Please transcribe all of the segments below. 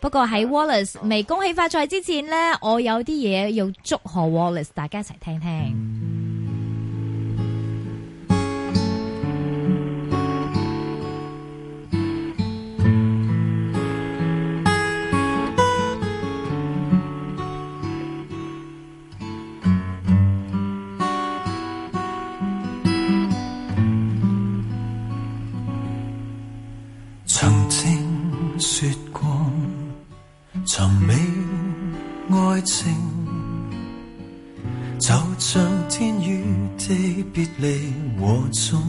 不過喺 Wallace 未恭喜發財之前呢，我有啲嘢要祝賀 Wallace，大家一齊聽聽。嗯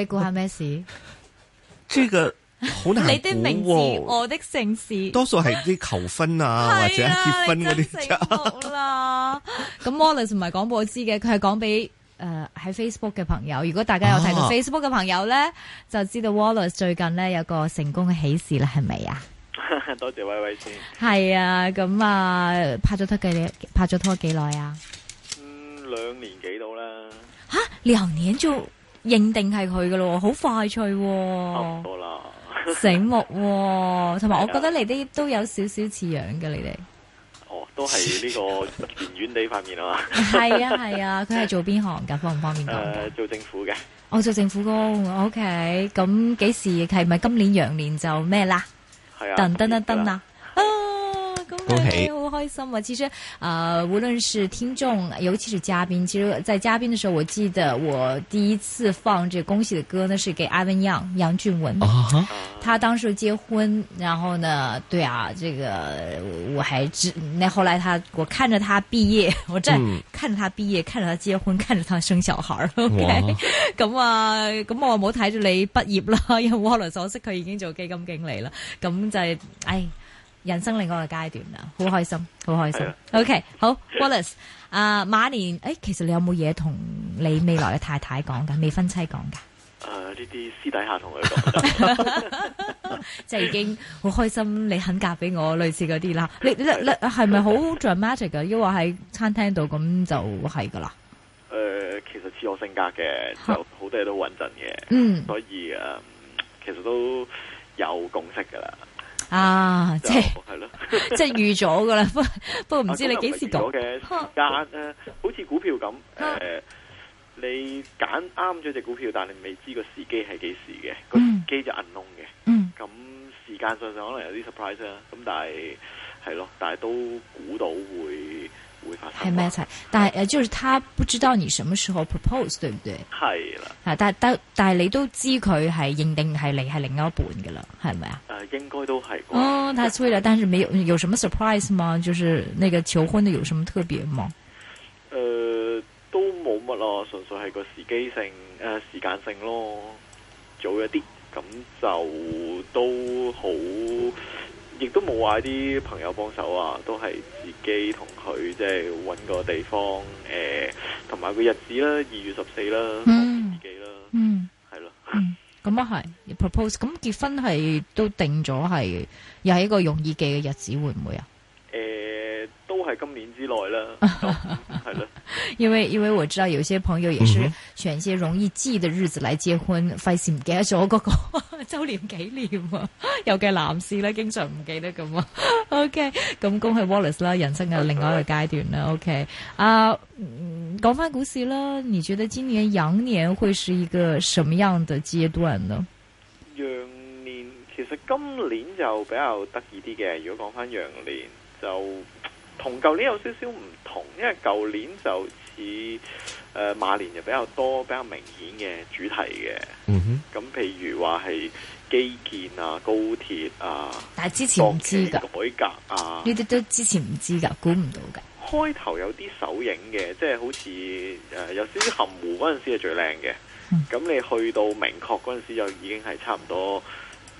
你估下咩事？這個好難估、哦、 你的名字，我的姓氏，多數係啲求婚啊 或者結婚嗰、啊、啲。咁 Wallace 唔係廣播知嘅，佢係講俾誒喺 Facebook 嘅朋友。如果大家有睇到 Facebook 嘅朋友咧、啊，就知道 Wallace 最近咧有個成功嘅喜事啦，係咪啊？ 多謝威威先。係啊，咁啊拍咗拖幾？拍咗拖幾耐啊？嗯，兩年幾到啦。吓、啊，兩年就？認定係佢嘅咯，好快脆，好啦，醒目，同埋我覺得你啲都有少少似樣嘅你哋。哦，都係呢個圓圓地塊面啊嘛。係啊係啊，佢係做邊行噶？方唔方便講？誒，做政府嘅。我做政府工，OK。咁幾時？係咪今年羊年就咩啦？係啊。噔噔噔噔啦。我、okay. 哎哎，好開心啊。其實，啊、呃，無論是聽眾，尤其是嘉賓，其實，在嘉賓的時候，我記得我第一次放這恭喜的歌呢，是給阿文楊楊俊文，uh-huh. 他當時結婚，然後呢，對啊，這個我還知，那後來他，我看着他畢業，我再看着他畢業，mm. 看着他結婚，看着他生小孩，OK，咁、wow. 啊，咁我冇睇住你畢業啦，因為我嚟所識佢已經做基金經理啦，咁就係，唉、哎。人生另外一個階段啦，好開心，好開心。OK，好，Wallace，啊馬年，誒、哎，其實你有冇嘢同你未來嘅太太講噶？未婚妻講噶？誒、呃，呢啲私底下同佢講，即 係 已經好開心你給，你肯嫁俾我，類似嗰啲啦。你你係咪好 dramatic 噶？因為喺餐廳度咁就係噶啦。誒、呃，其實似我性格嘅，有好多嘢都穩陣嘅，嗯，所以誒、嗯，其實都有共識噶啦。啊，即係，即係預咗噶啦。 不過、啊、不過唔知你幾時講。時間誒，好、啊、似、呃啊、股票咁誒、啊啊啊，你揀啱咗隻股票，但係你未知個機時機係幾時嘅，啊那個機就銀窿嘅。嗯。咁時間上上可能有啲 surprise 啦。咁但係係咯，但係都估到會。係咩？但係誒，就是他不知道你什麼時候 propose，對不對？係啦。吓，但但但你都知佢係認定係你係另一半嘅啦，係咪啊？誒、呃，應該都係。哦，太催啦！但是沒有有什麼 surprise 嗎？就是那個求婚的有什麼特別嗎？誒、呃，都冇乜咯，純粹係個時機性誒、呃，時間性咯，早一啲咁就都好。亦都冇話啲朋友幫手啊，都係自己同佢即係揾個地方誒，同、呃、埋個日子啦，二月十四啦，自己啦，嗯、啦，嗯，嗯，係咯，嗯，咁啊係你 propose，咁結婚係都定咗係又係一個容易記嘅日子會唔會啊？誒、呃，都係今年之內啦，係 咯，是啦 因為因為我知道有些朋友也是選一些容易記的日子嚟結婚費事唔記得咗嗰個周年紀念啊，尤其係男士咧，經常唔記得咁啊。O K，咁恭喜 Wallace 啦，人生嘅另外一個階段啦。O K，啊，講翻股市啦，你覺得今年羊年會是一個什麼樣嘅階段呢？羊年其實今年就比較得意啲嘅，如果講翻羊年，就同舊年有少少唔同，因為舊年就，以、呃、誒馬年就比較多比較明顯嘅主題嘅，嗯哼，咁譬如話係基建啊、高鐵啊，但係之前唔知㗎，改革啊，呢啲都之前唔知㗎，估唔到㗎。開頭有啲手影嘅，即係好似誒、呃、有少少含糊嗰陣時係最靚嘅，咁、嗯、你去到明確嗰陣時就已經係差唔多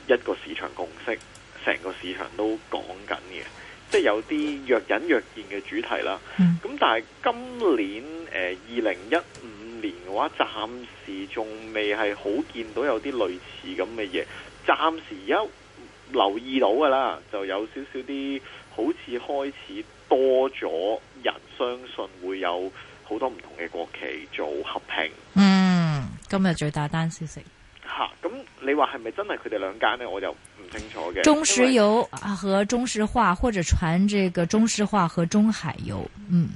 一個市場共識，成個市場都講緊嘅。即係有啲若隱若現嘅主題啦，咁、嗯、但係今年誒二零一五年嘅話，暫時仲未係好見到有啲類似咁嘅嘢。暫時而家留意到嘅啦，就有少少啲好似開始多咗人相信會有好多唔同嘅國企做合併。嗯，今日最大單消息。吓、啊，咁你話係咪真係佢哋兩間咧？我就唔清楚嘅。中石油啊，和中石化或者傳這個中石化和中海油，嗯，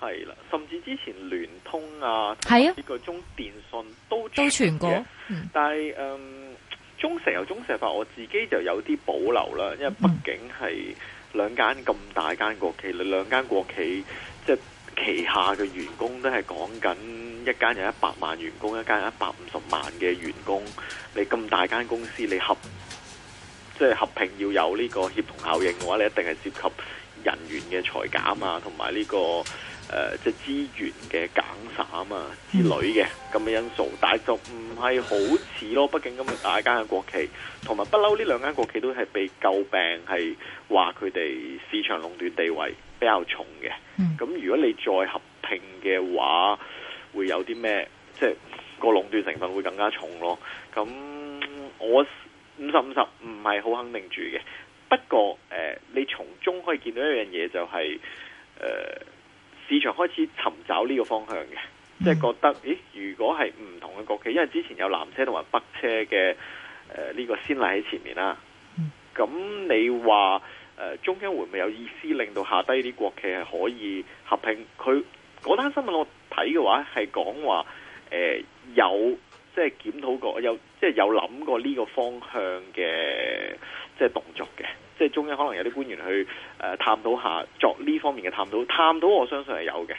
係啦，甚至之前聯通啊，係啊，呢個中電信都傳都傳過，嗯、但係嗯，中石油、中石化我自己就有啲保留啦，因為畢竟係兩間咁大間國企，兩、嗯、間國企即係、就是、旗下嘅員工都係講緊。一間有一百萬員工，一間有一百五十萬嘅員工。你咁大間公司，你合即係合併要有呢個協同效應嘅話，你一定係涉及人員嘅裁減啊，同埋呢個誒、呃、即係資源嘅減散啊之類嘅咁嘅因素。但係就唔係好似咯，畢竟咁大間嘅國企，同埋不嬲呢兩間國企都係被詬病係話佢哋市場壟斷地位比較重嘅。咁、mm. 如果你再合併嘅話。會有啲咩，即係個壟斷成分會更加重咯。咁我五十五十唔係好肯定住嘅，不過誒、呃,你從中可以見到一樣嘢、就是，就係誒市場開始尋找呢個方向嘅，即係覺得，咦如果係唔同嘅國企，因為之前有南車同埋北車嘅誒呢個先例喺前面啦。咁你話誒、呃、中央會唔會有意思令到下低啲國企係可以合併？佢嗰單新聞我。睇嘅話係講話，誒、呃、有即係檢討過，有即係有諗過呢個方向嘅即係動作嘅，即係中央可能有啲官員去誒、呃、探討下作呢方面嘅探討，探討我相信係有嘅。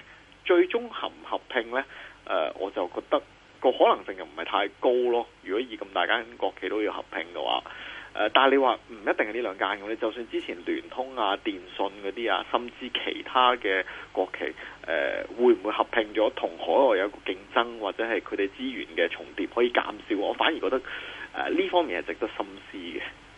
最終合唔合併呢？誒、呃，我就覺得個可能性又唔係太高咯。如果以咁大間國企都要合併嘅話，呃、但係你話唔一定係呢兩間嘅，就算之前聯通啊、電信嗰啲啊，甚至其他嘅國企，誒、呃，會唔會合併咗同海外有個競爭，或者係佢哋資源嘅重疊可以減少？我反而覺得呢、呃、方面係值得深思嘅。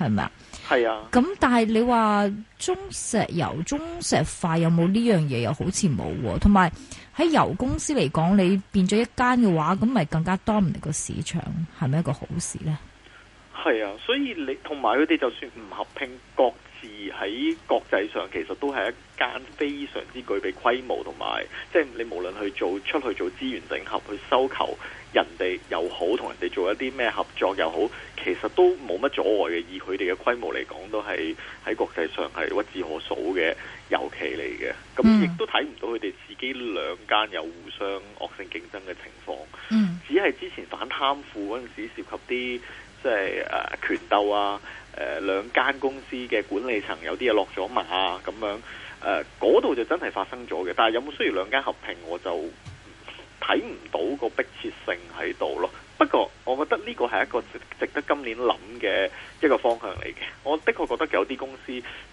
係咪啊？係啊。咁但係你話中石油、中石化有冇呢樣嘢？又好似冇喎。同埋喺油公司嚟講，你變咗一間嘅話，咁咪更加多唔嚟個市場，係咪一個好事咧？係啊，所以你同埋佢哋就算唔合拼，各自喺國際上其實都係一間非常之具備規模，同埋即係你無論去做出去做資源整合，去收購人哋又好，同人哋做一啲咩合作又好，其實都冇乜阻礙嘅。以佢哋嘅規模嚟講都，都係喺國際上係屈指可數嘅，油企嚟嘅。咁亦都睇唔到佢哋自己兩間有互相惡性競爭嘅情況。只係之前反貪腐嗰陣時涉及啲。即係誒權鬥啊！誒、呃、兩間公司嘅管理層有啲嘢落咗馬啊，咁樣誒嗰度就真係發生咗嘅。但係有冇需要兩間合併？我就睇唔到個迫切性喺度咯。不過我覺得呢個係一個值值得今年諗嘅一個方向嚟嘅。我的確覺得有啲公司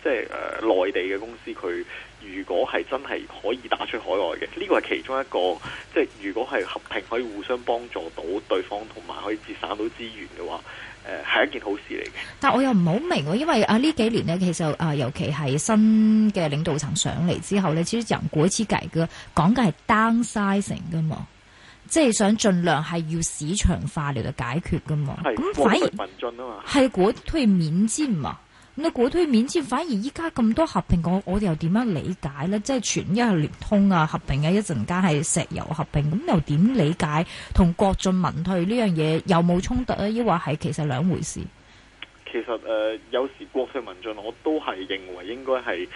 即係誒內地嘅公司佢。如果係真係可以打出海外嘅，呢、這個係其中一個，即係如果係合併可以互相幫助到對方，同埋可以節省到資源嘅話，誒、呃、係一件好事嚟嘅。但我又唔好明喎，因為啊呢幾年呢，其實啊、呃、尤其係新嘅領導層上嚟之後咧，諸 人果之計嘅講緊係 downsizing 嘅嘛，即係想盡量係要市場化嚟到解決嘅嘛。反而係國退民進啊嘛，係國退民進嘛。你鼓推免錢，反而依家咁多合併，我我哋又點樣理解咧？即係全一係聯通啊，合併啊，一陣間係石油合併，咁又點理解同國進民退這件事有沒有呢樣嘢有冇衝突啊？抑或係其實兩回事？其實誒、呃，有時國進民進我都係認為應該係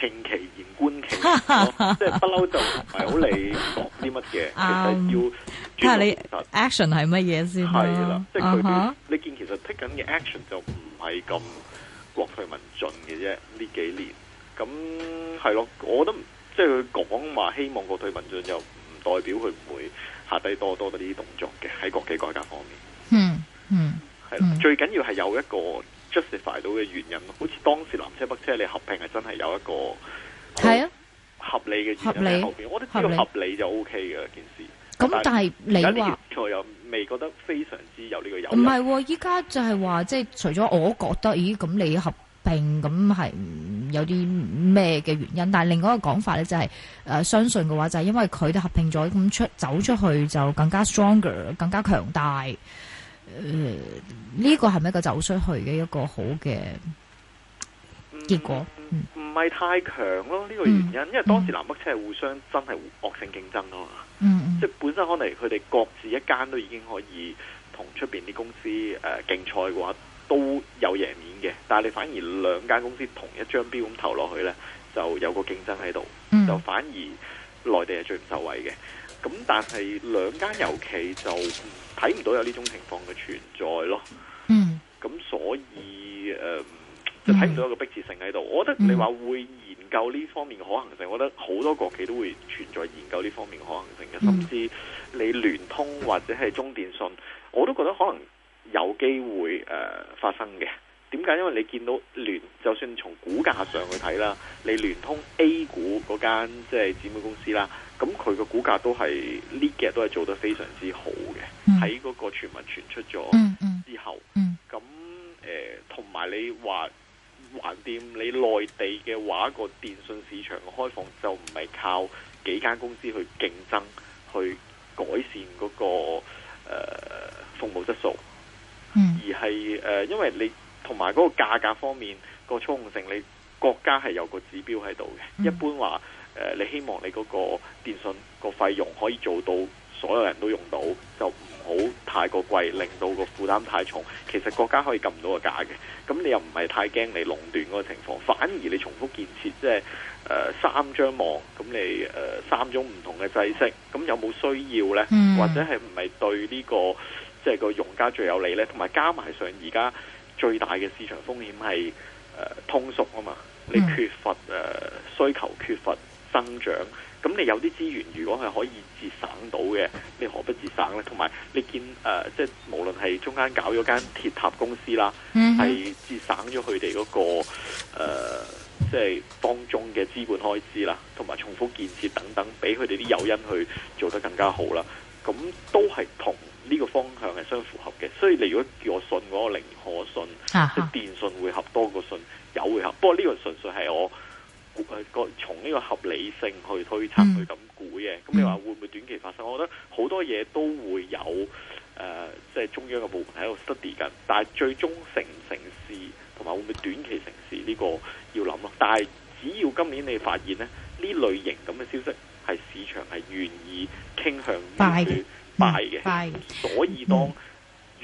聽其言觀其行， 即係不嬲就唔係好理講啲乜嘢， 其實要睇下、啊、你 action 係乜嘢先。係啦、啊，即係佢哋你見其實 take 緊嘅 action 就唔係咁。國退民進嘅啫，呢幾年咁係咯，我都即係佢講話希望國退民進又唔代表佢唔會下低多多啲動作嘅喺國企改革方面。嗯嗯，係啦、嗯，最緊要係有一個 justify 到嘅原因。好似當時南車北車你合併係真係有一個係啊合理嘅原因喺後邊，我覺得只要合理就 OK 嘅件事。咁但係你話？覺得非常之有呢個有唔係，依家就係話，即係除咗我覺得，咦，咁你合併咁係有啲咩嘅原因？但係另一個講法咧、就是，就係誒，相信嘅話就係因為佢哋合併咗，咁出走出去就更加 stronger，更加強大。誒、呃，呢個係咪一個走出去嘅一個好嘅結果？唔、嗯、係、嗯、太強咯，呢、這個原因、嗯，因為當時南北車係互相真係惡性競爭啊嘛。嗯，即本身可能佢哋各自一間都已經可以同出邊啲公司誒競賽嘅話，都有贏面嘅。但係你反而兩間公司同一張標咁投落去咧，就有個競爭喺度，嗯，就反而內地係最唔受惠嘅。咁但係兩間油企就睇唔，嗯，到有呢種情況嘅存在咯。咁，嗯，所以誒、呃，就睇唔到有一個逼切性喺度。我覺得你話會。有呢方面嘅可能性，我覺得好多國企都會存在研究呢方面嘅可能性嘅，甚至你聯通或者係中電信，我都覺得可能有機會誒、呃、發生嘅。點解？因為你見到聯，就算從股價上去睇啦，你聯通 A 股嗰間即係姊妹公司啦，咁佢嘅股價都係呢幾日都係做得非常之好嘅。喺嗰個傳聞傳出咗之後，咁誒，同、呃、埋你話。橫掂你內地嘅話，個電信市場嘅開放就唔係靠幾間公司去競爭去改善嗰、那個誒、呃、服務質素，嗯、而係誒、呃，因為你同埋嗰個價格方面、個操控性你，你國家係有個指標喺度嘅，一般話誒、呃，你希望你嗰個電信、個費用可以做到。所有人都用到就唔好太過貴，令到個負擔太重。其實國家可以撳到個價嘅，咁你又唔係太驚你壟斷嗰個情況，反而你重複建設即係誒、呃、三張網，咁你誒、呃、三種唔同嘅制式，咁有冇需要咧？Mm. 或者係唔係對呢、這個即係、就是、個用家最有利咧？同埋加埋上而家最大嘅市場風險係誒通縮啊嘛，你缺乏誒、呃、需求，缺乏增長。咁你有啲資源，如果係可以節省到嘅，你何不節省呢？同埋你見、呃、即係無論係中間搞咗間鐵塔公司啦，係、mm-hmm. 節省咗佢哋嗰個、呃、即係當中嘅資本開支啦，同埋重複建設等等，俾佢哋啲誘因去做得更加好啦。咁都係同呢個方向係相符合嘅。所以你如果叫我信嗰個寧可信，uh-huh. 即電信會合多過信油會合，不過呢個純粹係我。誒、個從呢個合理性去推測去咁估嘅。咁、嗯、你話會唔會短期發生？我覺得好多嘢都會有，誒、呃，即、就、係、是、中央嘅部門喺度 study 緊，但係最終成唔成事，同埋會唔會短期成事呢、這個要諗咯。但係只要今年你發現呢，呢類型咁嘅消息係市場係願意傾向住買嘅，所以當、嗯。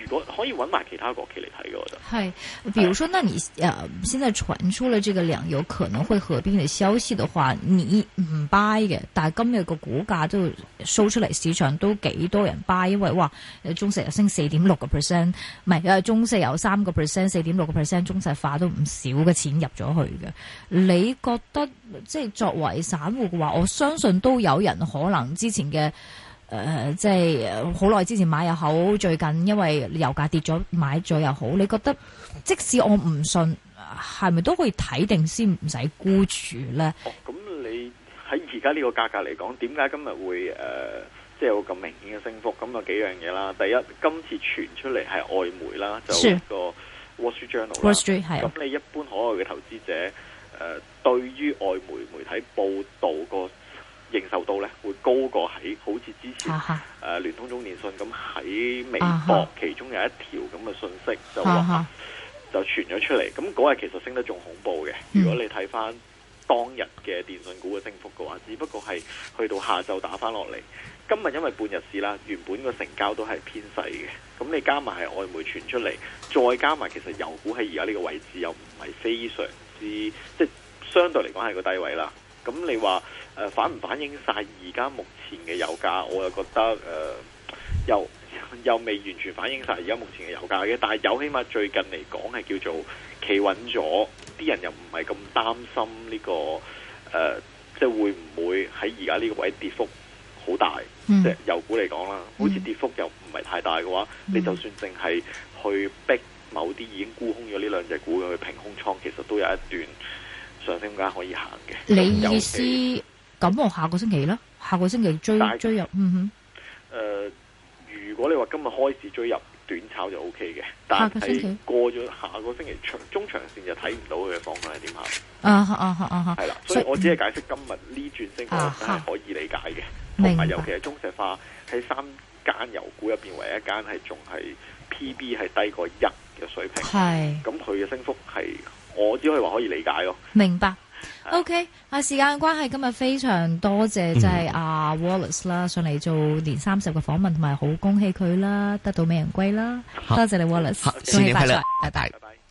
如果可以揾埋其他國企嚟睇嘅，我覺得係。譬如說，啊、那你啊、呃，現在傳出了這個兩油可能會合併嘅消息的話，你唔 buy 嘅，但係今日個股價都 show 出嚟，市場都幾多人 buy，因為哇，中石油升四點六個 percent，唔係啊，因為中石油三個 percent、四點六個 percent，中石化都唔少嘅錢入咗去嘅。你覺得即係作為散戶嘅話，我相信都有人可能之前嘅。誒、呃，即係好耐之前買又好，最近因為油價跌咗買咗又好。你覺得即使我唔信，係咪都可以睇定先唔使沽住咧？咁、哦、你喺而家呢個價格嚟講，點解今日會誒、呃，即係有咁明顯嘅升幅？咁啊幾樣嘢啦，第一，今次傳出嚟係外媒啦，就一個 Wall Street Journal 啦。Wall Street 係。咁你一般海外嘅投資者誒、呃，對於外媒媒體報道個？認受度咧會高過喺好似之前誒、uh-huh. 呃、聯通、中電信咁喺微博其中有一條咁嘅訊息、uh-huh. 就話就傳咗出嚟，咁嗰日其實升得仲恐怖嘅。如果你睇翻當日嘅電信股嘅升幅嘅話，mm. 只不過係去到下晝打翻落嚟。今日因為半日市啦，原本個成交都係偏細嘅。咁你加埋係外媒傳出嚟，再加埋其實油股喺而家呢個位置又唔係非常之即係、就是、相對嚟講係個低位啦。咁你話誒、呃、反唔反映晒而家目前嘅油價？我又覺得誒、呃，又又未完全反映晒而家目前嘅油價嘅。但係有起碼最近嚟講係叫做企穩咗，啲人又唔係咁擔心呢、呢個誒、呃就是嗯，即係會唔會喺而家呢個位跌幅好大？即係油股嚟講啦，好似跌幅又唔係太大嘅話、嗯，你就算淨係去逼某啲已經沽空咗呢兩隻股去平空倉，其實都有一段。上升點解可以行嘅？你意思咁我下個星期啦，下個星期追但追入，嗯哼。誒、呃，如果你話今日開始追入短炒就 O K 嘅，但係過咗下個星期長中，中長線就睇唔到佢嘅方向係點行。啊啊啊啊係啦，所以我只係解釋今日呢轉升，我真係可以理解嘅。同、uh, 埋、uh, 尤其係中石化喺三間油股入邊，唯一間係仲係 P B 係低過一嘅水平。係。咁佢嘅升幅係。我只可以話可以理解咯，明白。OK 啊，時間關係，今日非常多謝，即係阿 Wallace 啦上嚟做年三十嘅訪問，同埋好恭喜佢啦，得到美人歸啦，多謝你 Wallace 新年，拜拜拜拜。拜拜拜拜。